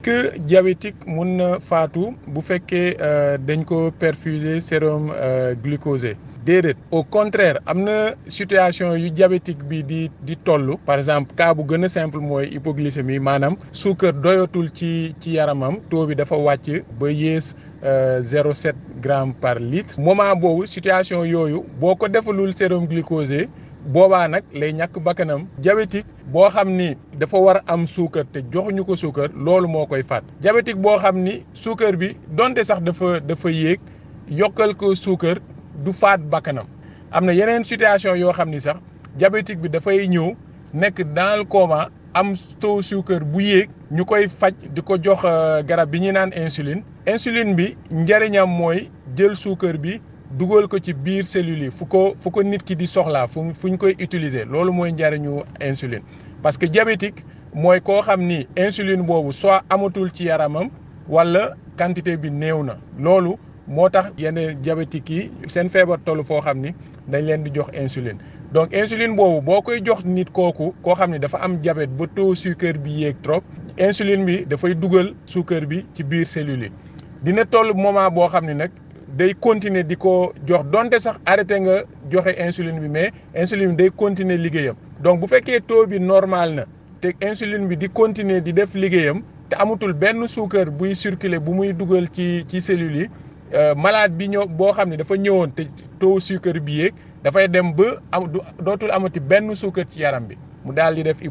que diabétique mun na faatu bu fekkee euh, dañ ko perfuser sérum euh, glucosé déedéet au contraire am na situation yu diabétique bi di di toll par exemple kaa bu gën a simple mooy hypoglycémie maanaam suukar doyatul ci ci yaramam taux bi dafa wàcc ba yées euh, zéro sept gramme par litre moment boobu situation yooyu boo ko defalul sérum glucosé boobaa nag lay ñàkk bakkanam diabétique boo xam ni dafa war am suukar te joxuñu ko suukar loolu moo koy faat diabétique boo xam ni suukar bi donte sax dafa dafa yéeg yokkal ko suukar du faat bakkanam am na yeneen situation yoo xam ni sax diabétique bi dafay ñëw nekk daal le am taux suukar bu yéeg ñu koy faj di ko jox euh, garab bi ñu naan insuline insuline bi njëriñam mooy jël suukar bi dugal ko ci biir cellules fu ko fu ko nit ki di soxlaa fu fu ñu koy utiliser loolu mooy njariñu insuline parce que diabétique mooy koo xam ni insuline boobu soo amatul ci yaramam walla quantité bi néew na loolu moo tax yenn diabétique yi seen feebar tollu foo xam ni dañ leen di jox insuline donc insuline boobu boo koy jox nit kooku koo xam ne dafa am diabète ba taux sucre bi yéeg trop insuline bi dafay dugal sucre bi ci biir cellules dina toll moment boo xam ne nag day continuer di ko jox donte sax arrêté nga joxe insuline bi mais insuline bi day continuer liggéeyam donc bu fekkee taux bi normal na te insuline bi di continuer di def liggéeyam te amatul benn suukar buy circuler bu muy dugal ci ci cellules yi euh, malade bi ñëw boo xam ni dafa ñëwoon te taux suukar bi yéeg dafay dem ba am dootul amati benn suukar ci yaram bi mu daal di def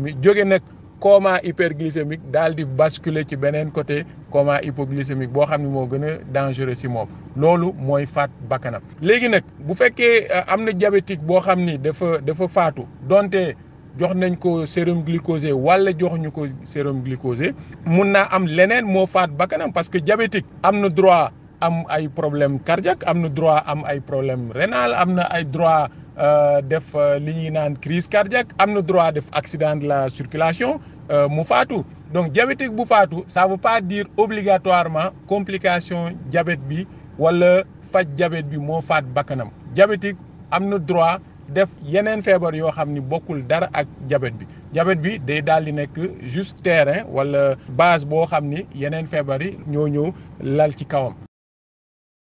mi jóge nag coma hyperglycémique daal di basculer ci beneen côté coma hypoglycémique boo xam ne moo gën a dangereux si moom loolu mooy faat bakkanam léegi nag bu fekkee euh, am na diabétique boo xam ni dafa dafa faatu donte jox nañ ko sérum glucosé wala jox ñu ko sérum glucosé mun na am leneen moo faat bakkanam parce que diabétique am na droit am ay problème cardiaque am na droit am ay problème renal am na ay droit Euh, def euh, li ñuy naan crise cardiaque am na droit def accident de la circulation euh, mu faatu donc diabétique bu faatu ça veut pas dire obligatoirement complication diabète bi wala faj diabète bi moo faat bakkanam diabétique am na droit def yeneen feebar yoo xam ni bokkul dara ak diabète bi diabète bi day daal di nekk juste terrain wala base boo xam ni yeneen feebar yi ñoo ñëw lal ci kawam